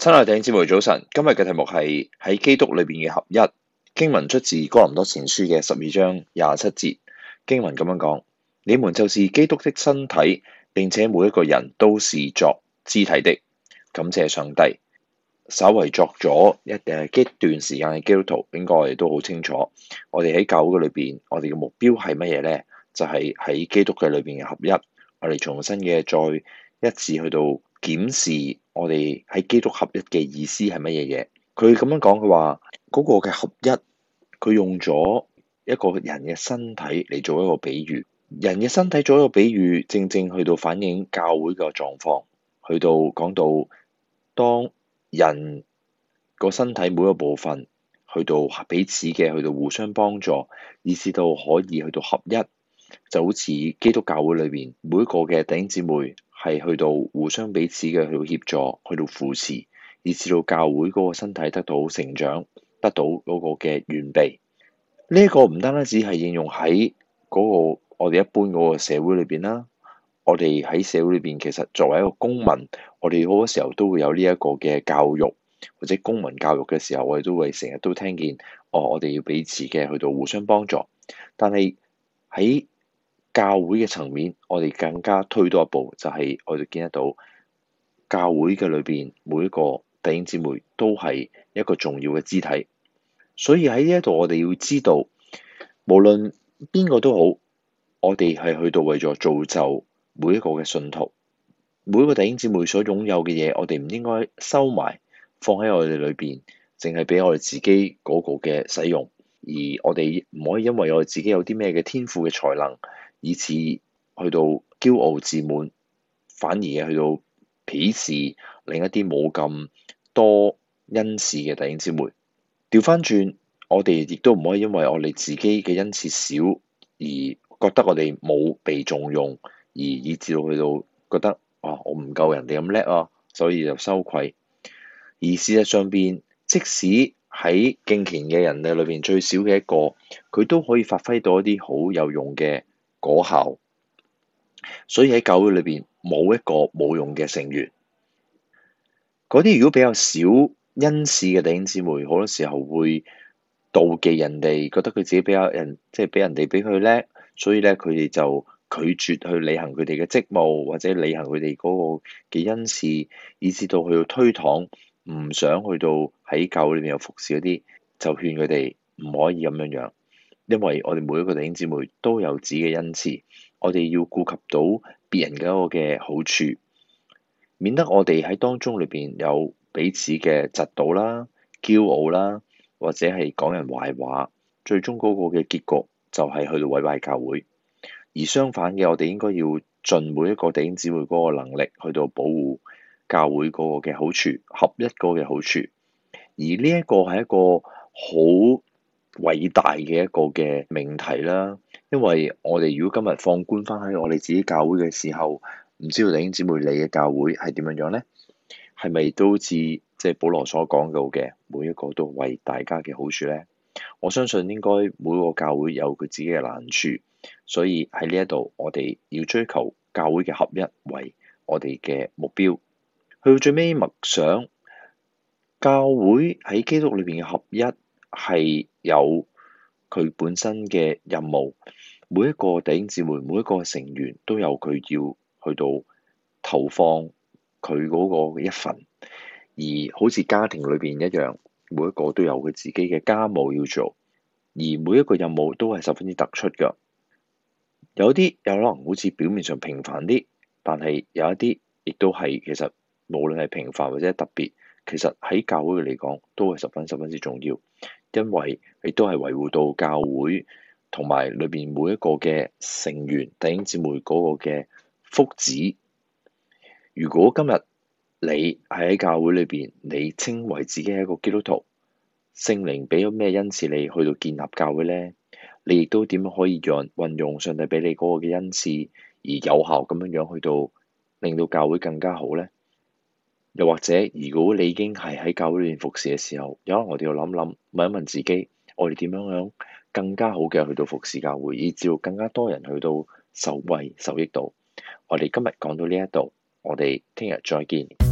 親愛聽節目早晨，今日嘅題目係喺基督裏邊嘅合一。經文出自哥林多前書嘅十二章廿七節。經文咁樣講：你們就是基督的身體，並且每一個人都是作肢體的。感謝上帝。稍為作咗一誒，一段時間嘅基督徒，應該我哋都好清楚。我哋喺教會裏邊，我哋嘅目標係乜嘢呢？就係、是、喺基督嘅裏邊嘅合一。我哋重新嘅再一次去到檢視。我哋喺基督合一嘅意思係乜嘢嘢？佢咁樣講，佢話嗰個嘅合一，佢用咗一個人嘅身體嚟做一個比喻。人嘅身體做一個比喻，正正去到反映教會嘅狀況，去到講到當人個身體每個部分去到彼此嘅去到互相幫助，以至到可以去到合一，就好似基督教會裏邊每一個嘅弟兄姊妹，係去到互相彼此嘅去到協助，去到扶持，以至到教會嗰個身體得到成長，得到嗰個嘅完備。呢一個唔單單只係應用喺嗰個我哋一般嗰個社會裏邊啦。我哋喺社會裏邊，其實作為一個公民，我哋好多時候都會有呢一個嘅教育，或者公民教育嘅時候，我哋都會成日都聽見哦，我哋要彼此嘅去到互相幫助。但係喺教會嘅層面，我哋更加推多一步，就係我哋見得到教會嘅裏邊每一個弟兄姊妹都係一個重要嘅肢體。所以喺呢一度，我哋要知道，無論邊個都好，我哋係去到為咗造就每一個嘅信徒，每一個弟兄姊妹所擁有嘅嘢，我哋唔應該收埋放喺我哋裏邊，淨係俾我哋自己嗰個嘅使用，而我哋唔可以因為我哋自己有啲咩嘅天賦嘅才能。以至去到驕傲自滿，反而去到鄙視另一啲冇咁多恩賜嘅弟兄姊妹。掉返轉，我哋亦都唔可以因為我哋自己嘅恩賜少而覺得我哋冇被重用，而以至到去到覺得啊，我唔夠人哋咁叻啊，所以就羞愧。而事實上邊，即使喺敬虔嘅人嘅裏邊最少嘅一個，佢都可以發揮到一啲好有用嘅果效，所以喺教會裏邊冇一個冇用嘅成員。嗰啲如果比較少恩賜嘅弟兄姊妹，好多時候會妒忌人哋，覺得佢自己比較人，即係比人哋比佢叻，所以咧，佢哋就拒絕去履行佢哋嘅職務，或者履行佢哋嗰個嘅恩賜，以至到去到推搪，唔想去到喺教會裏邊有服侍嗰啲，就勸佢哋唔可以咁樣樣。因為我哋每一個弟兄姊妹都有自己嘅恩賜，我哋要顧及到別人嘅一個嘅好處，免得我哋喺當中裏邊有彼此嘅嫉妒啦、驕傲啦，或者係講人壞話，最終嗰個嘅結局就係去到毀壞教會。而相反嘅，我哋應該要盡每一個弟兄姊妹嗰個能力，去到保護教會嗰個嘅好處，合一嗰個嘅好處。而呢一個係一個好偉大嘅一個嘅命題啦，因為我哋如果今日放觀翻喺我哋自己教會嘅時候，唔知道弟兄姊妹你嘅教會係點樣樣呢？係咪都似即係保羅所講到嘅，每一個都為大家嘅好處呢？我相信應該每個教會有佢自己嘅難處，所以喺呢一度我哋要追求教會嘅合、合一，為我哋嘅目標去到最尾默想教會喺基督裏邊嘅合一。係有佢本身嘅任務，每一個弟兄姊妹，每一個成員都有佢要去到投放佢嗰個嘅一份，而好似家庭裏邊一樣，每一個都有佢自己嘅家務要做，而每一個任務都係十分之突出嘅，有啲有可能好似表面上平凡啲，但係有一啲亦都係其實無論係平凡或者特別。其實喺教會嚟講，都係十分十分之重要，因為亦都係維護到教會同埋裏邊每一個嘅成員，弟兄姊妹嗰個嘅福祉。如果今日你喺教會裏邊，你稱為自己係一個基督徒，聖靈俾咗咩恩賜你去到建立教會呢，你亦都點可以讓運用上帝俾你嗰個嘅恩賜，而有效咁樣樣去到令到教會更加好呢？又或者，如果你已經係喺教會裏面服侍嘅時候，有可能我哋要諗諗問一問自己，我哋點樣樣更加好嘅去到服侍教會，以至更加多人去到受惠受益度。我哋今日講到呢一度，我哋聽日再見。